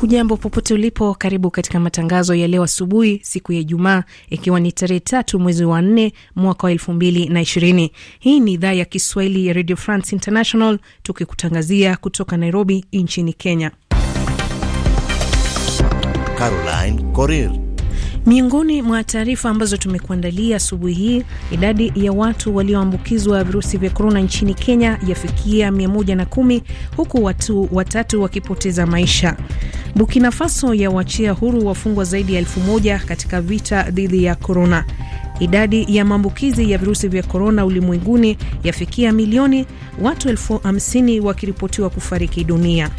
Hujambo popote ulipo, karibu katika matangazo ya leo asubuhi, siku ya Ijumaa, ikiwa ni tarehe tatu mwezi wa nne mwaka wa elfu mbili na ishirini. Hii ni idhaa ya Kiswahili ya Radio France International, tukikutangazia kutoka Nairobi nchini Kenya. Caroline Coril Miongoni mwa taarifa ambazo tumekuandalia asubuhi hii, idadi ya watu walioambukizwa virusi vya korona nchini Kenya yafikia 110 huku watu watatu wakipoteza maisha. Burkina Faso yawachia huru wafungwa zaidi ya elfu moja katika vita dhidi ya korona. Idadi ya maambukizi ya virusi vya korona ulimwenguni yafikia milioni, watu elfu hamsini wakiripotiwa kufariki dunia.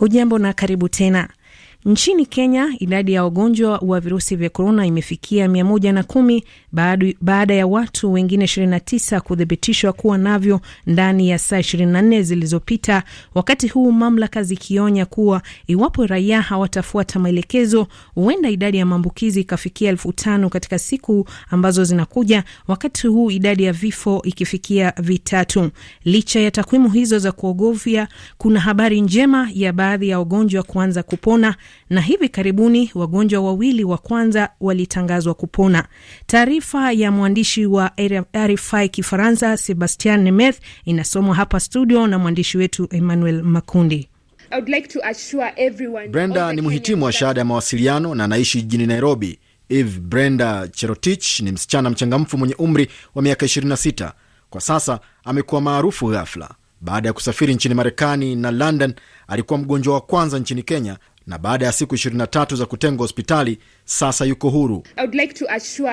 Hujambo na karibu tena. Nchini Kenya, idadi ya wagonjwa wa virusi vya korona imefikia 110 baada ya watu wengine 29 kuthibitishwa kuwa navyo ndani ya saa 24 zilizopita, wakati huu mamlaka zikionya kuwa iwapo raia hawatafuata maelekezo, huenda idadi ya maambukizi ikafikia elfu tano katika siku ambazo zinakuja, wakati huu idadi ya vifo ikifikia vitatu. Licha ya takwimu hizo za kuogofya, kuna habari njema ya baadhi ya wagonjwa kuanza kupona na hivi karibuni wagonjwa wawili wa kwanza walitangazwa kupona. Taarifa ya mwandishi wa RFI Kifaransa Sebastian Nemeth inasomwa hapa studio na mwandishi wetu Emmanuel Makundi. Like Brenda ni mhitimu wa shahada ya mawasiliano na anaishi jijini Nairobi. Eve Brenda Cherotich ni msichana mchangamfu mwenye umri wa miaka 26. Kwa sasa amekuwa maarufu ghafla baada ya kusafiri nchini Marekani na London. Alikuwa mgonjwa wa kwanza nchini Kenya na baada ya siku 23 za kutengwa hospitali sasa yuko huru. Like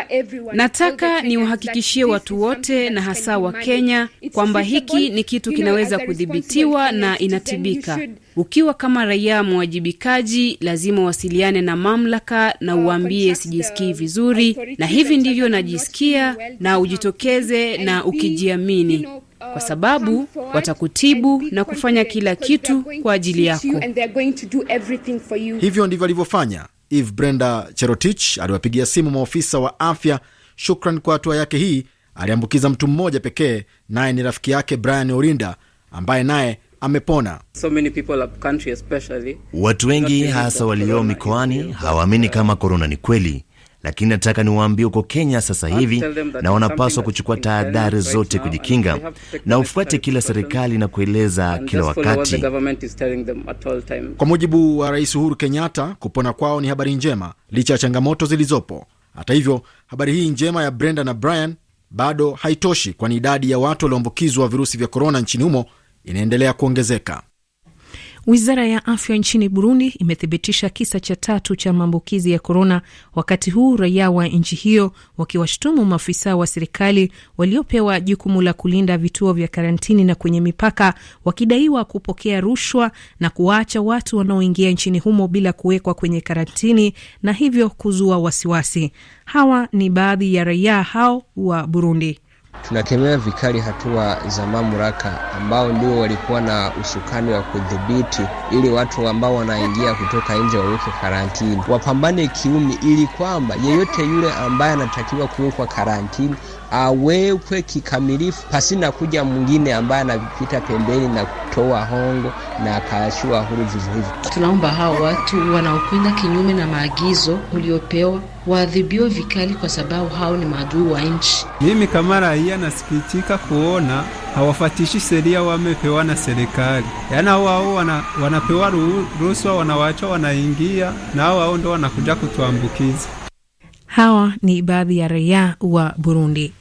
everyone, nataka niuhakikishie watu wote na hasa wa Kenya kwamba hiki ni kitu kinaweza kudhibitiwa na inatibika. Ukiwa kama raia mwajibikaji, lazima wasiliane na mamlaka na uh, uambie, sijisikii vizuri na hivi ndivyo najisikia, na ujitokeze na ukijiamini kwa sababu watakutibu na kufanya kila kitu kwa ajili yako. Hivyo ndivyo alivyofanya Eve Brenda Cherotich. Aliwapigia simu maofisa wa afya shukran kwa hatua yake hii. Aliambukiza mtu mmoja pekee, naye ni rafiki yake Brian Orinda ambaye naye amepona. So many country, watu wengi hasa walio mikoani hawaamini kama korona ni kweli lakini nataka niwaambie uko Kenya sasa hivi, na wanapaswa kuchukua tahadhari zote kujikinga, na ufuate kila serikali na kueleza kila wakati. Kwa mujibu wa Rais Uhuru Kenyatta, kupona kwao ni habari njema licha ya changamoto zilizopo. Hata hivyo, habari hii njema ya Brenda na Brian bado haitoshi, kwani idadi ya watu walioambukizwa virusi vya korona nchini humo inaendelea kuongezeka. Wizara ya afya nchini Burundi imethibitisha kisa cha tatu cha maambukizi ya korona, wakati huu raia wa nchi hiyo wakiwashutumu maafisa wa serikali waliopewa jukumu la kulinda vituo vya karantini na kwenye mipaka, wakidaiwa kupokea rushwa na kuwaacha watu wanaoingia nchini humo bila kuwekwa kwenye karantini na hivyo kuzua wasiwasi. Hawa ni baadhi ya raia hao wa Burundi. Tunakemea vikali hatua za mamlaka ambao ndio walikuwa na usukani wa kudhibiti ili watu ambao wanaingia kutoka nje waweke karantini, wapambane kiumi, ili kwamba yeyote yule ambaye anatakiwa kuwekwa karantini awekwe kikamilifu pasina kuja mwingine ambaye anavipita pembeni na kutoa hongo na akaachua huru vivyo hivyo. Tunaomba hao watu wanaokwenda kinyume na maagizo uliopewa waadhibiwe vikali, kwa sababu hao ni maadui wa nchi. Mimi kama raia nasikitika kuona hawafatishi sheria wamepewa na serikali, yaani hao hao wana, wanapewa ruhusa, wanawacha wanaingia, na hao hao ndo wanakuja kutuambukiza Hawa ni baadhi ya raia wa Burundi.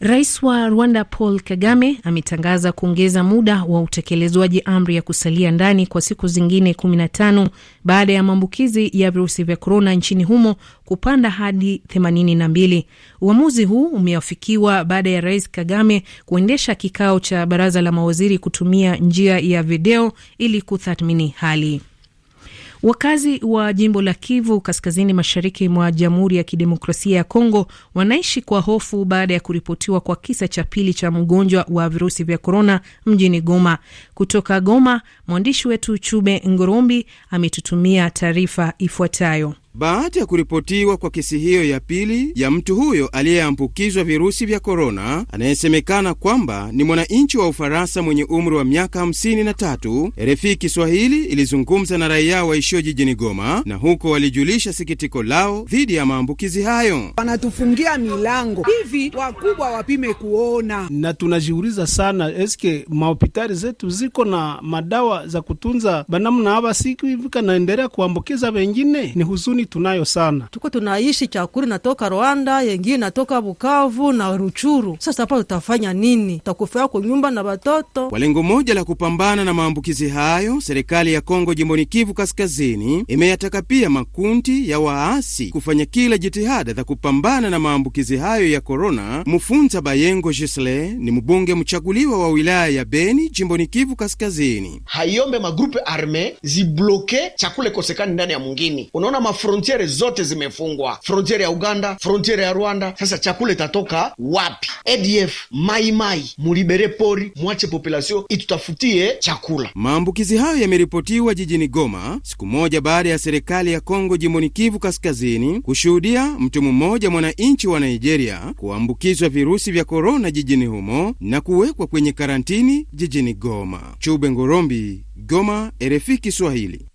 Rais wa Rwanda Paul Kagame ametangaza kuongeza muda wa utekelezwaji amri ya kusalia ndani kwa siku zingine 15 baada ya maambukizi ya virusi vya korona nchini humo kupanda hadi 82. Uamuzi huu umeafikiwa baada ya Rais Kagame kuendesha kikao cha baraza la mawaziri kutumia njia ya video ili kutathmini hali. Wakazi wa jimbo la Kivu kaskazini mashariki mwa Jamhuri ya Kidemokrasia ya Kongo wanaishi kwa hofu baada ya kuripotiwa kwa kisa cha pili cha mgonjwa wa virusi vya korona mjini Goma. Kutoka Goma, mwandishi wetu Chube Ngorombi ametutumia taarifa ifuatayo. Baada ya kuripotiwa kwa kesi hiyo ya pili ya mtu huyo aliyeambukizwa virusi vya korona, anayesemekana kwamba ni mwananchi wa Ufaransa mwenye umri wa miaka 53, RFI Kiswahili ilizungumza na raia waishio jijini Goma, na huko walijulisha sikitiko lao dhidi ya maambukizi hayo. Wanatufungia milango hivi, wakubwa wapime kuona, na tunajiuliza sana, eske mahopitali zetu ziko na madawa za kutunza banamna hawa siku hivi kanaendelea kuambukiza wengine? Ni huzuni madini tunayo sana, tuko tunaishi chakuri natoka Rwanda, yengine natoka Bukavu na Ruchuru. Sasa hapa tutafanya nini? Takufaa kwa nyumba na watoto. Kwa lengo moja la kupambana na maambukizi hayo, serikali ya Kongo jimboni Kivu Kaskazini imeyataka pia makundi ya waasi kufanya kila jitihada za kupambana na maambukizi hayo ya korona. Mufunza Bayengo Jisle ni mbunge mchaguliwa wa wilaya ya Beni jimboni Kivu Kaskazini. Haiombe magrupe arme ziblokee chakule kosekani ndani ya mungini, unaona mafu frontiere zote zimefungwa, frontiere ya Uganda, frontiere ya Rwanda. Sasa chakula itatoka wapi? ADF maimai, mulibere pori, mwache populasio itutafutie chakula. Maambukizi hayo yameripotiwa jijini Goma siku moja baada ya serikali ya Kongo jimboni Kivu Kaskazini kushuhudia mtu mmoja mwananchi wa Nigeria kuambukizwa virusi vya korona jijini humo na kuwekwa kwenye karantini jijini Goma. Chube Ngorombi, Goma, RFI Kiswahili.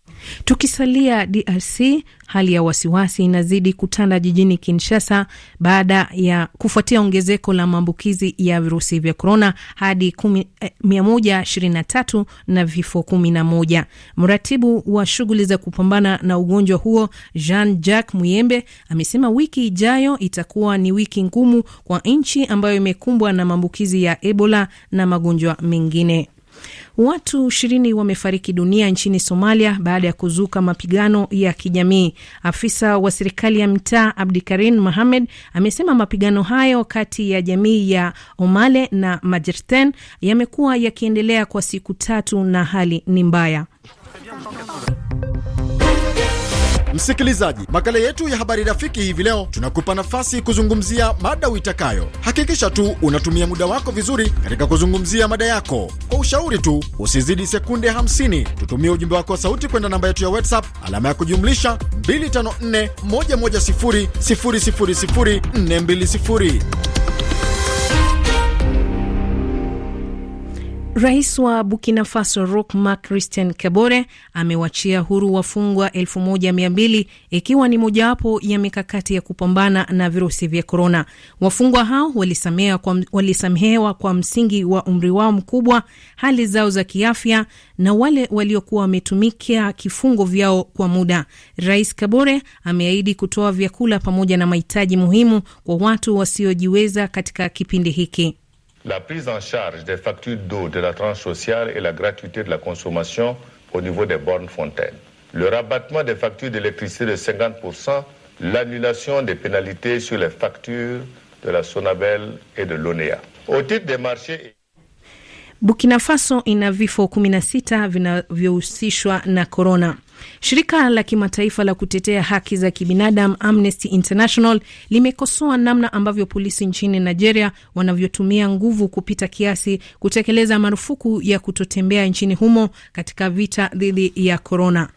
Tukisalia DRC, hali ya wasiwasi inazidi kutanda jijini Kinshasa baada ya kufuatia ongezeko la maambukizi ya virusi vya korona hadi 123 eh, na vifo 11. Mratibu wa shughuli za kupambana na ugonjwa huo Jean Jacques Muyembe amesema wiki ijayo itakuwa ni wiki ngumu kwa nchi ambayo imekumbwa na maambukizi ya Ebola na magonjwa mengine. Watu ishirini wamefariki dunia nchini Somalia baada ya kuzuka mapigano ya kijamii. Afisa wa serikali ya mtaa karin Mohamed amesema mapigano hayo kati ya jamii ya Omale na Majerten yamekuwa yakiendelea kwa siku tatu na hali ni mbaya. Msikilizaji, makala yetu ya habari rafiki hivi leo tunakupa nafasi kuzungumzia mada uitakayo. Hakikisha tu unatumia muda wako vizuri katika kuzungumzia mada yako. Kwa ushauri tu usizidi sekunde 50. Tutumie ujumbe wako wa sauti kwenda namba yetu ya WhatsApp alama ya kujumlisha 254 Rais wa Burkina Faso Roch Marc Christian Kabore amewachia huru wafungwa 1200 ikiwa ni mojawapo ya mikakati ya kupambana na virusi vya korona. Wafungwa hao walisamehewa kwa, walisamehewa kwa msingi wa umri wao mkubwa, hali zao za kiafya na wale waliokuwa wametumikia kifungo vyao kwa muda. Rais Kabore ameahidi kutoa vyakula pamoja na mahitaji muhimu kwa watu wasiojiweza katika kipindi hiki. la prise en charge des factures d'eau de la tranche sociale et la gratuité de la consommation au niveau des bornes fontaines, le rabattement des factures d'électricité de 50%, l'annulation des pénalités sur les factures de la Sonabel et de l'ONEA. Au titre des marchés Burkina Faso na Shirika la kimataifa la kutetea haki za kibinadamu Amnesty International limekosoa namna ambavyo polisi nchini Nigeria wanavyotumia nguvu kupita kiasi kutekeleza marufuku ya kutotembea nchini humo katika vita dhidi ya korona.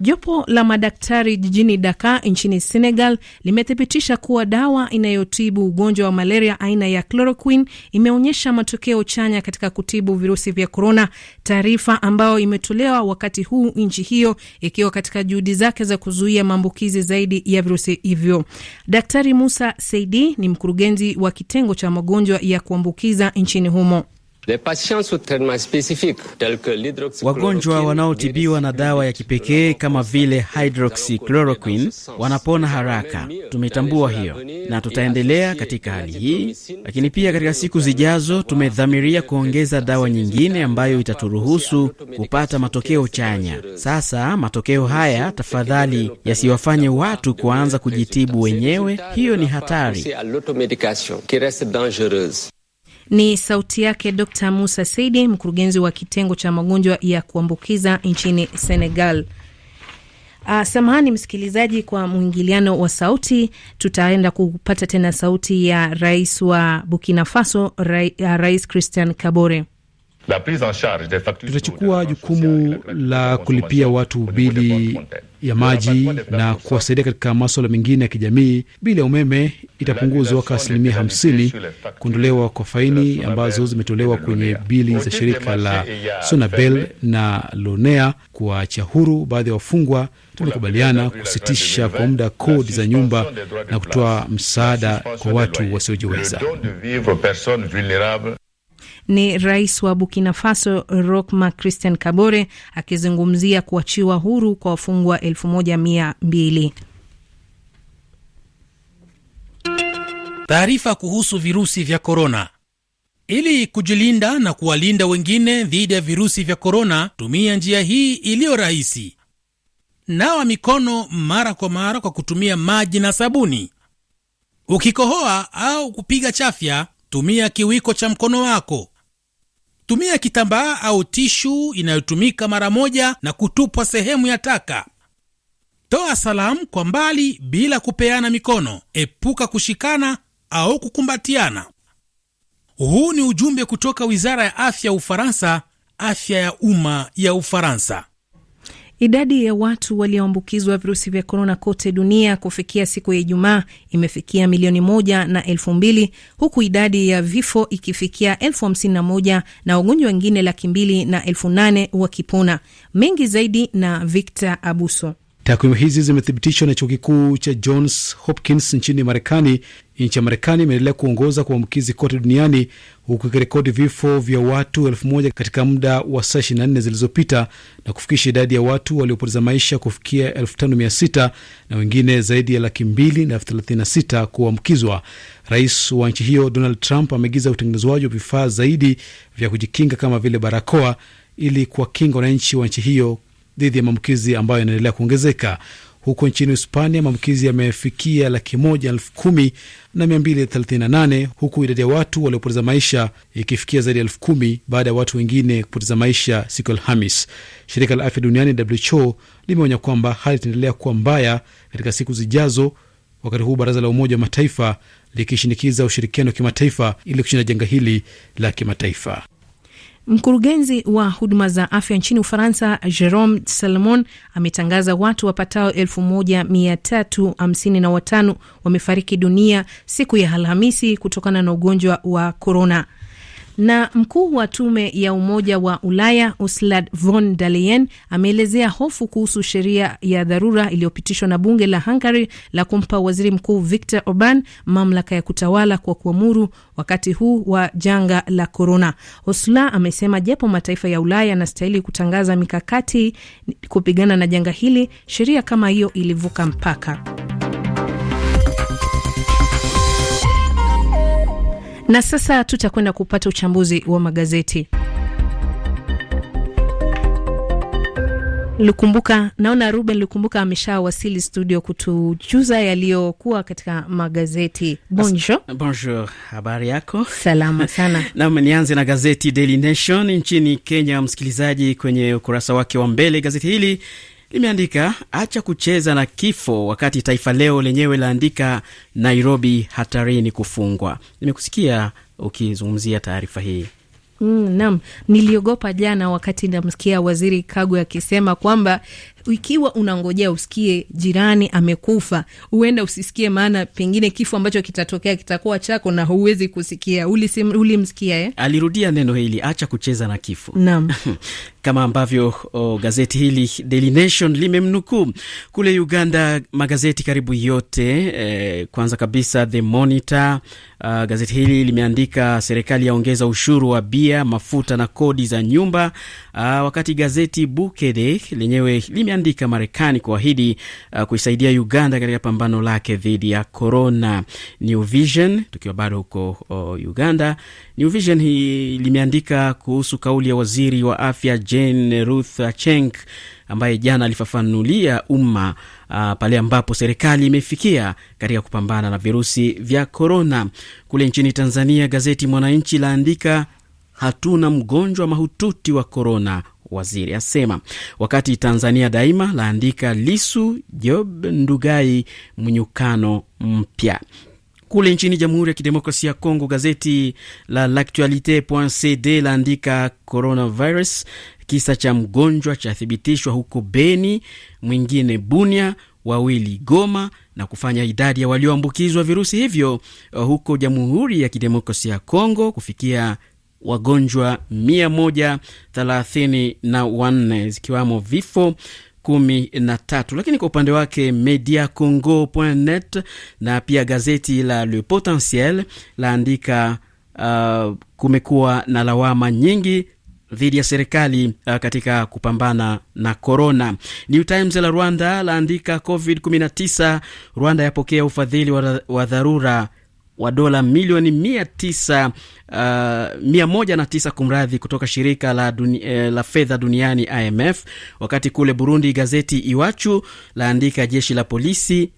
Jopo la madaktari jijini Dakar nchini Senegal limethibitisha kuwa dawa inayotibu ugonjwa wa malaria aina ya chloroquine imeonyesha matokeo chanya katika kutibu virusi vya korona, taarifa ambayo imetolewa wakati huu nchi hiyo ikiwa katika juhudi zake za kuzuia maambukizi zaidi ya virusi hivyo. Daktari Musa Seidi ni mkurugenzi wa kitengo cha magonjwa ya kuambukiza nchini humo. Wagonjwa wanaotibiwa na dawa ya kipekee kama vile hydroxychloroquine wanapona haraka. Tumetambua hiyo na tutaendelea katika hali hii, lakini pia katika siku zijazo tumedhamiria kuongeza dawa nyingine ambayo itaturuhusu kupata matokeo chanya. Sasa matokeo haya tafadhali yasiwafanye watu kuanza kujitibu wenyewe, hiyo ni hatari. Ni sauti yake Dr Musa Seidi, mkurugenzi wa kitengo cha magonjwa ya kuambukiza nchini Senegal. Uh, samahani msikilizaji kwa mwingiliano wa sauti. Tutaenda kupata tena sauti ya rais wa Burkina Faso, ah, Rais Christian Kabore. Tutachukua jukumu la kulipia watu bili ya maji na kuwasaidia katika maswala mengine ya kijamii. Bili ya umeme itapunguzwa kwa asilimia hamsini, kuondolewa kwa faini ambazo zimetolewa kwenye bili za shirika la Sonabel na Lonea, kuwaachia huru baadhi ya wafungwa. Tumekubaliana kusitisha kwa muda kodi za nyumba na kutoa msaada kwa watu wasiojiweza ni rais wa Burkina Faso Roch-Marc Christian Kabore akizungumzia kuachiwa huru kwa wafungwa elfu moja mia mbili. Taarifa kuhusu virusi vya korona. Ili kujilinda na kuwalinda wengine dhidi ya virusi vya korona, tumia njia hii iliyo rahisi: nawa mikono mara kwa mara kwa kutumia maji na sabuni. Ukikohoa au kupiga chafya, tumia kiwiko cha mkono wako. Tumia kitambaa au tishu inayotumika mara moja na kutupwa sehemu ya taka. Toa salamu kwa mbali bila kupeana mikono. Epuka kushikana au kukumbatiana. Huu ni ujumbe kutoka Wizara ya Afya ya Ufaransa, afya ya umma ya Ufaransa. Idadi ya watu walioambukizwa virusi vya korona kote dunia kufikia siku ya Ijumaa imefikia milioni moja na elfu mbili huku idadi ya vifo ikifikia elfu hamsini na moja na wagonjwa wengine laki mbili na elfu nane wakipona. Mengi zaidi na Victor Abuso. Takwimu hizi zimethibitishwa na chuo kikuu cha Johns Hopkins nchini Marekani. Nchi ya Marekani imeendelea kuongoza kwa uambukizi kote duniani huku ikirekodi vifo vya watu elfu moja katika muda wa saa 24 zilizopita na kufikisha idadi ya watu waliopoteza maisha kufikia elfu tano mia sita na wengine zaidi ya laki mbili na elfu thelathini na sita kuambukizwa. Rais wa nchi hiyo Donald Trump ameagiza utengenezwaji wa vifaa zaidi vya kujikinga kama vile barakoa ili kuwakinga wananchi wa nchi hiyo dhidi ya maambukizi ambayo yanaendelea kuongezeka. Huko nchini Hispania, maambukizi yamefikia laki moja elfu kumi na mia mbili thelathini na nane huku idadi ya watu waliopoteza maisha ikifikia zaidi ya elfu kumi baada ya watu wengine kupoteza maisha siku ya Alhamis. Shirika la afya duniani WHO limeonya kwamba hali itaendelea kuwa mbaya katika siku zijazo, wakati huu baraza la Umoja wa Mataifa likishinikiza ushirikiano wa kimataifa ili kushinda janga hili la kimataifa. Mkurugenzi wa huduma za afya nchini Ufaransa, Jerome Salmon, ametangaza watu wapatao elfu moja mia tatu hamsini na watano wamefariki dunia siku ya Alhamisi kutokana na ugonjwa wa korona. Na mkuu wa tume ya Umoja wa Ulaya Ursula von der Leyen ameelezea hofu kuhusu sheria ya dharura iliyopitishwa na bunge la Hungary la kumpa waziri mkuu Viktor Orban mamlaka ya kutawala kwa kuamuru wakati huu wa janga la korona. Ursula amesema japo mataifa ya Ulaya yanastahili kutangaza mikakati kupigana na janga hili, sheria kama hiyo ilivuka mpaka. Na sasa tutakwenda kupata uchambuzi wa magazeti. Lukumbuka, naona Ruben Lukumbuka ameshawasili studio kutujuza yaliyokuwa katika magazeti. Bonjour. Bonjour, habari yako? Salama sana. Naam, nianze na gazeti Daily Nation nchini Kenya. Msikilizaji, kwenye ukurasa wake wa mbele, gazeti hili limeandika acha kucheza na kifo, wakati Taifa Leo lenyewe laandika Nairobi hatarini kufungwa. Nimekusikia ukizungumzia taarifa hii. Mm, naam, niliogopa jana wakati namsikia Waziri Kagwe akisema kwamba ikiwa unangojea usikie jirani amekufa, huenda usisikie, maana pengine kifo ambacho kitatokea kitakuwa chako na huwezi kusikia. Ulimsikia uli eh? Alirudia neno hili, acha kucheza na kifo. Naam. Kama ambavyo oh, gazeti hili Daily Nation limemnukuu kule Uganda, magazeti karibu yote eh, kwanza kabisa The Monitor. Uh, gazeti hili limeandika serikali yaongeza ushuru wa bia, mafuta na kodi za nyumba. Uh, wakati gazeti Bukede lenyewe lime aliandika Marekani kuahidi uh, kuisaidia Uganda katika pambano lake dhidi ya corona. New Vision, tukiwa bado huko uh, Uganda, New Vision hii limeandika kuhusu kauli ya waziri wa afya Jane Ruth Aceng ambaye jana alifafanulia umma uh, pale ambapo serikali imefikia katika kupambana na virusi vya korona. Kule nchini Tanzania, gazeti Mwananchi laandika hatuna mgonjwa mahututi wa korona waziri asema. Wakati Tanzania Daima laandika Lisu Job Ndugai mnyukano mpya kule nchini Jamhuri ya Kidemokrasia ya Kongo, gazeti la L'actualite.cd laandika coronavirus, kisa cha mgonjwa chathibitishwa huko Beni, mwingine Bunia, wawili Goma, na kufanya idadi ya walioambukizwa virusi hivyo uh, huko Jamhuri ya Kidemokrasia ya Kongo kufikia wagonjwa mia moja thelathini na wanne zikiwamo vifo kumi na tatu. Lakini kwa upande wake media congo net na pia gazeti la Le Potentiel laandika uh, kumekuwa na lawama nyingi dhidi ya serikali uh, katika kupambana na corona. New Times la Rwanda laandika COVID 19, Rwanda yapokea ufadhili wa, wa dharura wa dola milioni mia tisa uh, mia moja na tisa kumradhi, kutoka shirika la, duni, eh, la fedha duniani IMF. Wakati kule Burundi, gazeti Iwachu laandika jeshi la polisi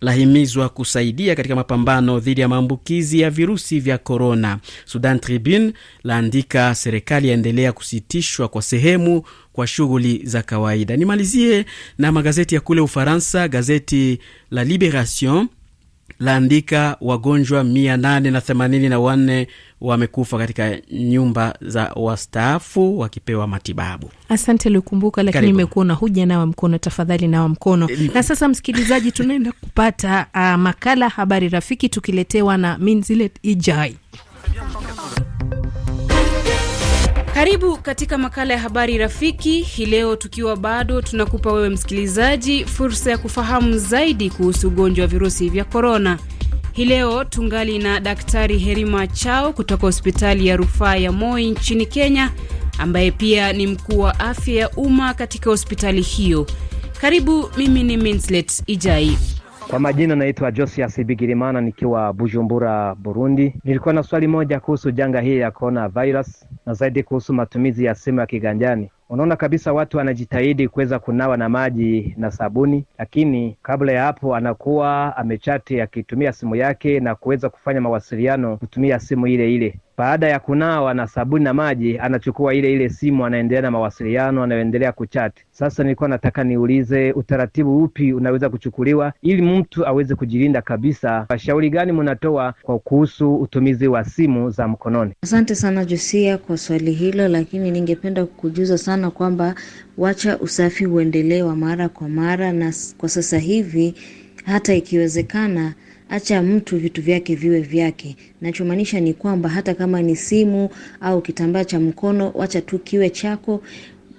lahimizwa kusaidia katika mapambano dhidi ya maambukizi ya virusi vya korona. Sudan Tribune laandika serikali yaendelea kusitishwa kwa sehemu kwa shughuli za kawaida. Nimalizie na magazeti ya kule Ufaransa. Gazeti la Liberation laandika wagonjwa 884 na wamekufa katika nyumba za wastaafu wakipewa matibabu. Asante likumbuka lakini imekuwa na huja nawa mkono, tafadhali nawa mkono. Eh, na sasa, msikilizaji, tunaenda kupata uh, makala habari rafiki tukiletewa na Minzilet Ijai. Karibu katika makala ya habari rafiki hii leo, tukiwa bado tunakupa wewe msikilizaji fursa ya kufahamu zaidi kuhusu ugonjwa wa virusi vya korona. Hii leo tungali na Daktari Herima Chao kutoka hospitali ya rufaa ya Moi nchini Kenya, ambaye pia ni mkuu wa afya ya umma katika hospitali hiyo. Karibu, mimi ni Minslet Ijai. Kwa majina naitwa Josias Bigirimana nikiwa Bujumbura, Burundi. Nilikuwa na swali moja kuhusu janga hili ya corona virus na zaidi kuhusu matumizi ya simu ya kiganjani. Unaona kabisa watu wanajitahidi kuweza kunawa na maji na sabuni, lakini kabla ya hapo anakuwa amechati akitumia simu yake na kuweza kufanya mawasiliano kutumia simu ile ile. Baada ya kunawa na sabuni na maji, anachukua ile ile simu, anaendelea na mawasiliano, anaendelea kuchati. Sasa nilikuwa nataka niulize utaratibu upi unaweza kuchukuliwa ili mtu aweze kujilinda kabisa? Washauri gani mnatoa kwa kuhusu utumizi wa simu za mkononi? Asante sana Josia kwa swali hilo, lakini ningependa kukujuza sana kwamba wacha usafi uendelee wa mara kwa mara, na kwa sasa hivi hata ikiwezekana acha mtu vitu vyake viwe vyake. Nachomaanisha ni kwamba hata kama ni simu au kitambaa cha mkono, wacha tu kiwe chako.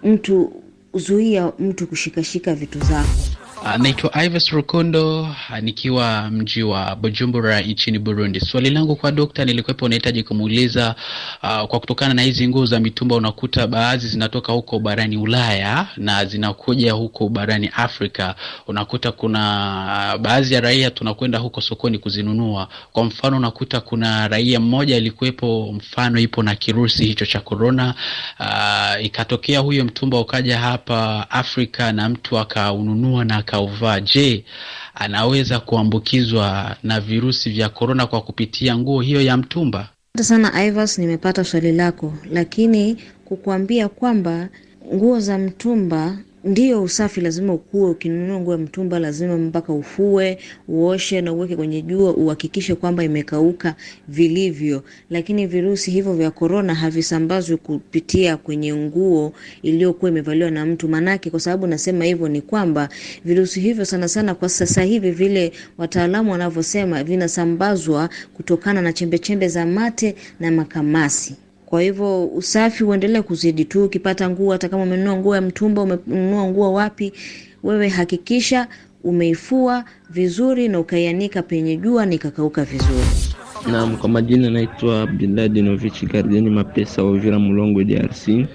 Mtu zuia mtu kushikashika vitu zako. Ah, naitwa Ives Rukundo ah, nikiwa mji wa Bujumbura nchini Burundi. Swali langu kwa dokta nilikuwepo nahitaji kumuuliza uh, kwa kutokana na hizi nguo za mitumba unakuta baadhi zinatoka huko barani Ulaya na zinakuja huko barani Afrika. Unakuta kuna baadhi ya raia tunakwenda huko sokoni kuzinunua. Kwa mfano unakuta kuna raia mmoja alikuwepo, mfano ipo na kirusi hicho cha korona, uh, ikatokea huyo mtumba ukaja hapa Afrika na mtu akaununua na aka akauvaa, je, anaweza kuambukizwa na virusi vya korona kwa kupitia nguo hiyo ya mtumba? Asante sana Ivas, nimepata swali lako, lakini kukuambia kwamba nguo za mtumba ndio usafi lazima ukuwe. Ukinunua nguo ya mtumba lazima mpaka ufue, uoshe na uweke kwenye jua, uhakikishe kwamba imekauka vilivyo. Lakini virusi hivyo vya korona havisambazwi kupitia kwenye nguo iliyokuwa imevaliwa na mtu. Manake, kwa sababu nasema hivyo ni kwamba virusi hivyo sana sana kwa sasa hivi, vile wataalamu wanavyosema, vinasambazwa kutokana na chembechembe za mate na makamasi. Kwa hivyo usafi uendelee kuzidi tu. Ukipata nguo, hata kama umenunua nguo ya mtumba, umenunua nguo wapi, wewe hakikisha umeifua vizuri na ukaianika penye jua na ikakauka vizuri. Naam, kwa majina naitwa Abdullah Dinovich Gardeni Mapesa wa Uvira Mulongo DRC.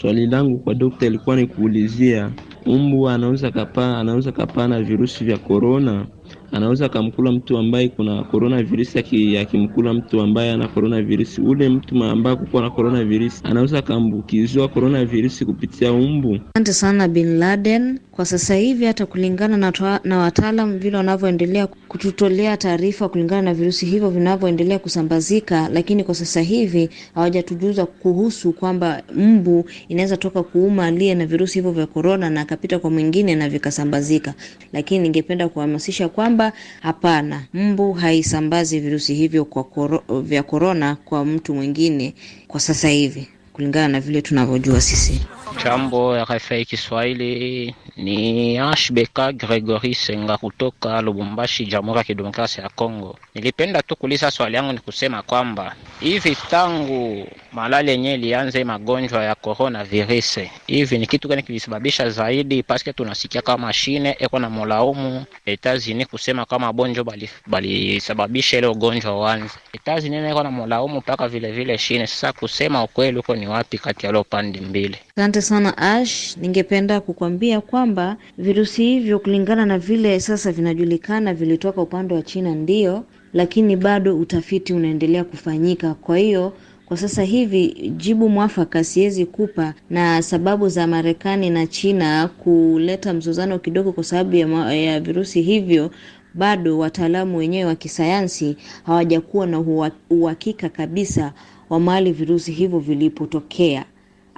Swali langu kwa dokta ilikuwa ni kuulizia, mbu anaweza kapaa anaweza kapaa na virusi vya korona? anaweza akamkula mtu ambaye kuna coronavirus, akimkula mtu ambaye ana coronavirus, ule mtu ambaye kuko na coronavirus anaweza akaambukizwa coronavirus kupitia umbu. Asante sana Bin Laden. Kwa sasa hivi hata kulingana na, na wataalam vile wanavyoendelea kututolea taarifa kulingana na virusi hivyo vinavyoendelea kusambazika, lakini kwa sasa hivi hawajatujuza kuhusu kwamba mbu inaweza toka kuuma aliye na virusi hivyo vya korona na akapita kwa mwingine na vikasambazika, lakini ningependa kuhamasisha kwamba kwamba hapana, mbu haisambazi virusi hivyo kwa koro, vya korona kwa mtu mwingine kwa sasa hivi kulingana na vile tunavyojua sisi. Jambo ya RFI Kiswahili. Ni Ashbeka Gregory Senga kutoka Lubumbashi, Jamhuri ya Kidemokrasia ya Kongo. Nilipenda tu kuuliza swali yangu ni kusema kwamba hivi tangu malali yenyewe ilianze magonjwa ya corona virus, hivi ni kitu gani kilisababisha zaidi? Paske tunasikia kama mashine eko na molaumu etazini kusema kama bonjo balisababisha bali ile ugonjwa wanze etazini eko na molaumu mpaka vilevile shine. Sasa kusema ukweli, huko ni wapi kati ya leo pande mbili? Asante sana Ash, ningependa kukwambia kwa kwamba virusi hivyo kulingana na vile sasa vinajulikana vilitoka upande wa China ndio, lakini bado utafiti unaendelea kufanyika. Kwa hiyo kwa sasa hivi jibu mwafaka siwezi kupa, na sababu za Marekani na China kuleta mzozano kidogo kwa sababu ya, ya virusi hivyo bado wataalamu wenyewe wa kisayansi hawajakuwa na uhakika kabisa wa mahali virusi hivyo vilipotokea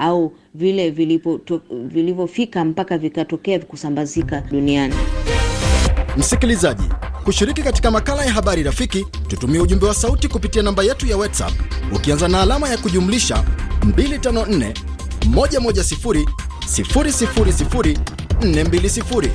au vile vilivyofika mpaka vikatokea kusambazika duniani. Msikilizaji, kushiriki katika makala ya habari rafiki, tutumie ujumbe wa sauti kupitia namba yetu ya WhatsApp ukianza na alama ya kujumlisha 254 110 000 420.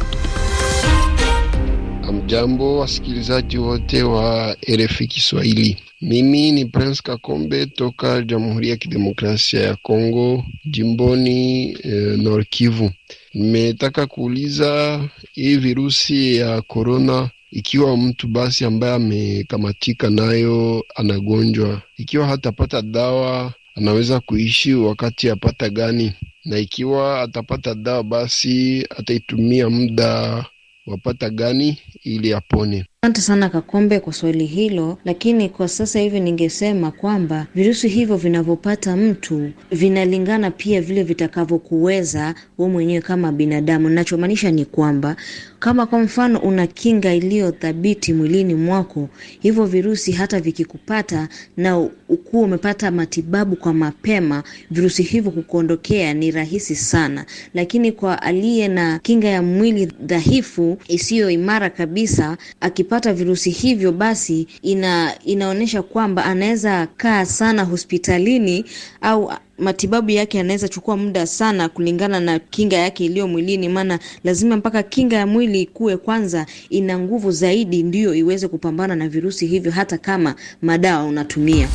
Mjambo wasikilizaji wote wa erefi Kiswahili. Mimi ni Prince Kakombe toka Jamhuri ya Kidemokrasia ya Kongo, jimboni eh, Nord Kivu. Nimetaka kuuliza hii virusi ya korona, ikiwa mtu basi ambaye amekamatika nayo anagonjwa, ikiwa hatapata dawa anaweza kuishi wakati apata gani? Na ikiwa atapata dawa basi ataitumia muda wapata gani? ili apone. Asante sana Kakombe kwa swali hilo, lakini kwa sasa hivi ningesema kwamba virusi hivyo vinavyopata mtu vinalingana pia vile vitakavyokuweza wewe mwenyewe kama binadamu. Ninachomaanisha ni kwamba kama kwa mfano una kinga iliyo thabiti mwilini mwako, hivyo virusi hata vikikupata na ukuwa umepata matibabu kwa mapema, virusi hivyo kukuondokea ni rahisi sana, lakini kwa aliye na kinga ya mwili dhaifu isiyo imara kabisa kabisa akipata virusi hivyo, basi ina inaonyesha kwamba anaweza kaa sana hospitalini au matibabu yake yanaweza chukua muda sana kulingana na kinga yake iliyo mwilini, maana lazima mpaka kinga ya mwili ikue kwanza, ina nguvu zaidi, ndiyo iweze kupambana na virusi hivyo, hata kama madawa unatumia.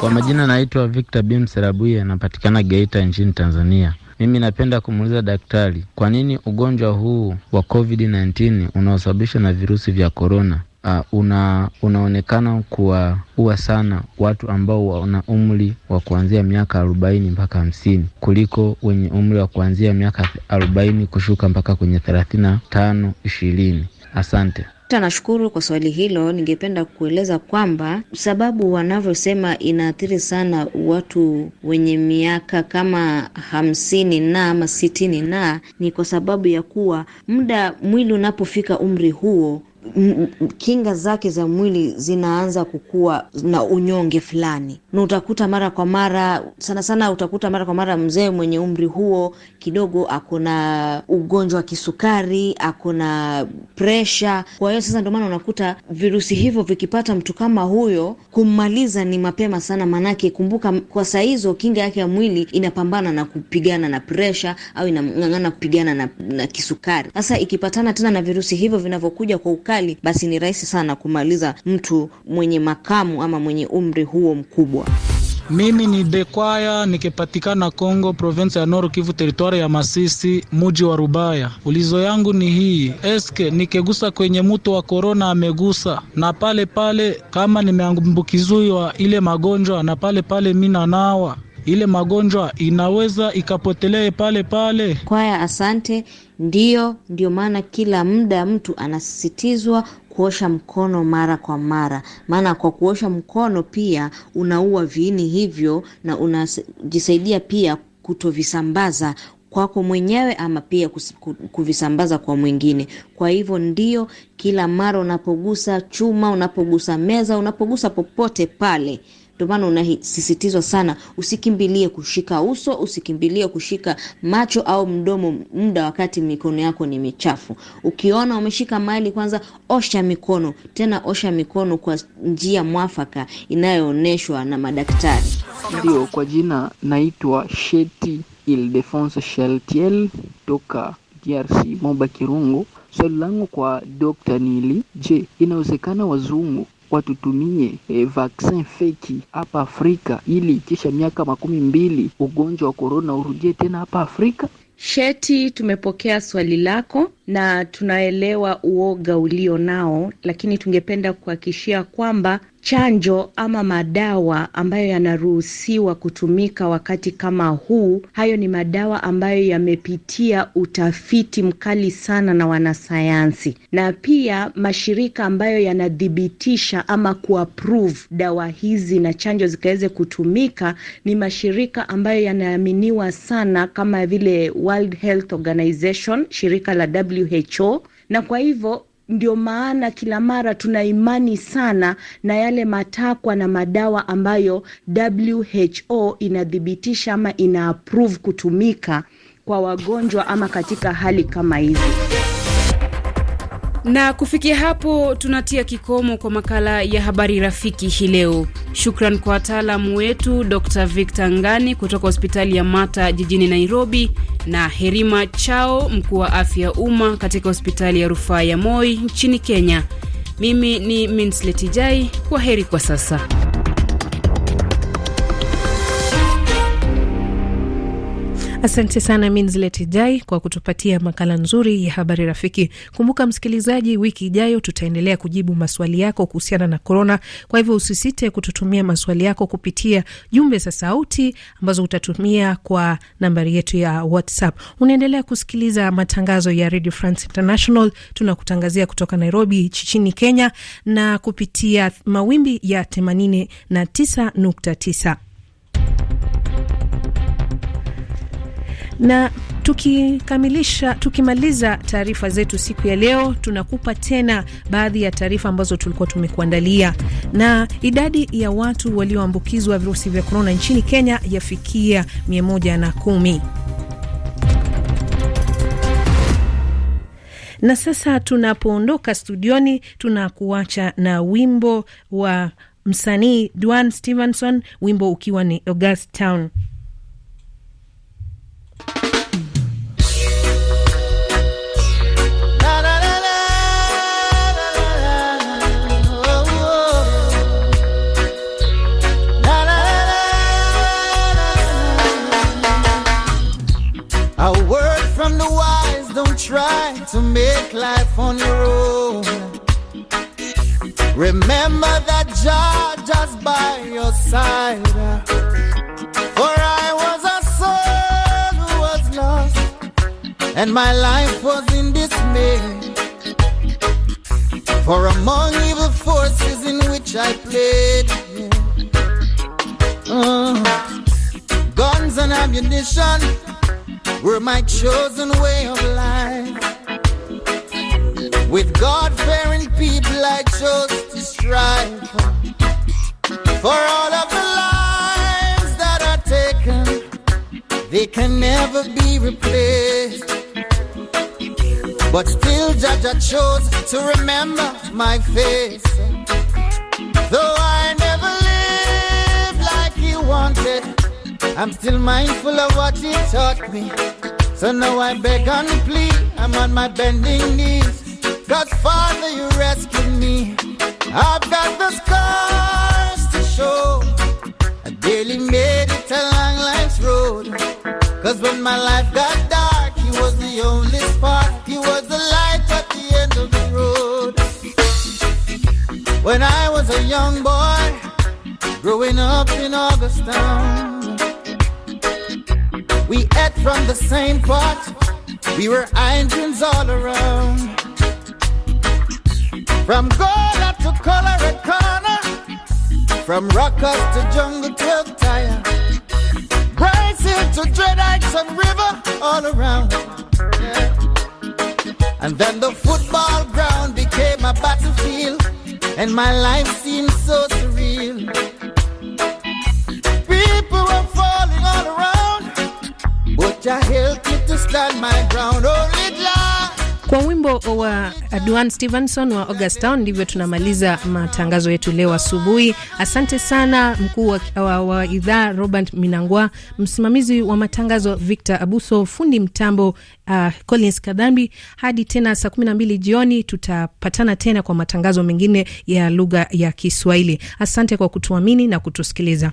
Kwa majina naitwa Victor Bimserabuye, anapatikana Geita nchini Tanzania. Mimi napenda kumuuliza daktari, kwa nini ugonjwa huu wa COVID-19 unaosababishwa na virusi vya korona Uh, ah, una, unaonekana kuwaua sana watu ambao wana umri wa kuanzia miaka arobaini mpaka hamsini kuliko wenye umri wa kuanzia miaka arobaini kushuka mpaka kwenye thelathini na tano ishirini. Asante. Nashukuru kwa swali hilo. Ningependa kueleza kwamba sababu wanavyosema inaathiri sana watu wenye miaka kama hamsini na ama sitini na ni kwa sababu ya kuwa muda mwili unapofika umri huo kinga zake za mwili zinaanza kukua na unyonge fulani, na utakuta mara kwa mara sana sana, utakuta mara kwa mara mzee mwenye umri huo kidogo ako na ugonjwa wa kisukari, ako na presha. Kwa hiyo sasa, ndio maana unakuta virusi hivyo vikipata mtu kama huyo, kummaliza ni mapema sana, manake kumbuka, kwa saa hizo kinga yake ya mwili inapambana na kupigana na presha au inang'ang'ana kupigana na, na kisukari. Sasa ikipatana tena na virusi hivyo vinavyokuja kwa ukali, serikali, basi ni rahisi sana kumaliza mtu mwenye makamu ama mwenye umri huo mkubwa. Mimi ni Dekwaya nikipatikana Kongo, provensi ya Noro Kivu, teritwari ya Masisi, muji wa Rubaya. Ulizo yangu ni hii, eske nikigusa kwenye mutu wa korona amegusa na pale pale, kama nimeambukizwa ile magonjwa na pale pale mi nanawa ile magonjwa inaweza ikapotelee pale pale. Kwaya, asante. Ndiyo, ndio maana kila muda mtu anasisitizwa kuosha mkono mara kwa mara, maana kwa kuosha mkono pia unaua viini hivyo na unajisaidia pia kutovisambaza kwako mwenyewe ama pia kuvisambaza kwa mwingine. Kwa hivyo ndio kila mara unapogusa chuma, unapogusa meza, unapogusa popote pale ndio maana unasisitizwa sana, usikimbilie kushika uso, usikimbilie kushika macho au mdomo muda wakati mikono yako ni michafu. Ukiona umeshika maili, kwanza osha mikono, tena osha mikono kwa njia mwafaka inayoonyeshwa na madaktari. Ndio, kwa jina naitwa Sheti Ildefonso sheltiel toka DRC, Moba Kirungu. Swali langu kwa Dr. Nili, je, inawezekana wazungu watutumie e, vaksin feki hapa Afrika ili kisha miaka makumi mbili ugonjwa wa korona urudie tena hapa Afrika. Sheti, tumepokea swali lako na tunaelewa uoga ulio nao, lakini tungependa kuhakikishia kwamba chanjo ama madawa ambayo yanaruhusiwa kutumika wakati kama huu, hayo ni madawa ambayo yamepitia utafiti mkali sana na wanasayansi, na pia mashirika ambayo yanathibitisha ama kuapprove dawa hizi na chanjo zikaweze kutumika ni mashirika ambayo yanaaminiwa sana kama vile World Health Organization, shirika la WHO, na kwa hivyo ndio maana kila mara tuna imani sana na yale matakwa na madawa ambayo WHO inathibitisha ama ina approve kutumika kwa wagonjwa ama katika hali kama hizi. Na kufikia hapo tunatia kikomo kwa makala ya habari rafiki hii leo. Shukran kwa wataalamu wetu Dr. Victor Ngani kutoka hospitali ya Mata jijini Nairobi na Herima Chao, mkuu wa afya ya umma katika hospitali ya rufaa ya Moi nchini Kenya. Mimi ni minsletijai kwa heri kwa sasa. Asante sana Minzlet Jai kwa kutupatia makala nzuri ya habari rafiki. Kumbuka msikilizaji, wiki ijayo tutaendelea kujibu maswali yako kuhusiana na korona. Kwa hivyo usisite kututumia maswali yako kupitia jumbe za sauti ambazo utatumia kwa nambari yetu ya WhatsApp. Unaendelea kusikiliza matangazo ya Radio France International, tunakutangazia kutoka Nairobi chichini Kenya na kupitia mawimbi ya 89.9 na tukikamilisha tukimaliza taarifa zetu siku ya leo, tunakupa tena baadhi ya taarifa ambazo tulikuwa tumekuandalia. Na idadi ya watu walioambukizwa virusi vya korona nchini Kenya yafikia 110. Na sasa tunapoondoka studioni, tunakuacha na wimbo wa msanii Dwan Stevenson, wimbo ukiwa ni August Town. to make life on your own. Remember that Jah just by your side. For I was a soul who was lost, and my life was in dismay. For among evil forces in which I played, yeah. uh, guns and ammunition were my chosen way of life. With God-fearing people, I chose to strive for all of the lives that are taken. They can never be replaced. But still, Judge, I chose to remember my face. Though I never lived like he wanted, I'm still mindful of what he taught me. So now I beg and plead, I'm on my bending knee. Godfather, you rescued me. I've got the scars to show. I barely made it a long life's road. Cause when my life got dark, you was the only spark. You was the light at the end of the road. When I was a young boy, growing up in Augustown, we ate from the same pot. We were engines all around. From Gola to Colorado, from Rockers to Jungle to Tire, Brazil to Dreadites and River, all around. Yeah. And then the football ground became a battlefield, and my life seemed so surreal. People were falling all around, but I helped me to stand my ground. Only oh, Kwa wimbo wa Adwan Stevenson wa August Town ndivyo tunamaliza matangazo yetu leo asubuhi. Asante sana mkuu wa, wa, wa idhaa Robert Minangwa, msimamizi wa matangazo Victor Abuso, fundi mtambo uh, Collins Kadhambi. Hadi tena saa mbili jioni tutapatana tena kwa matangazo mengine ya lugha ya Kiswahili. Asante kwa kutuamini na kutusikiliza.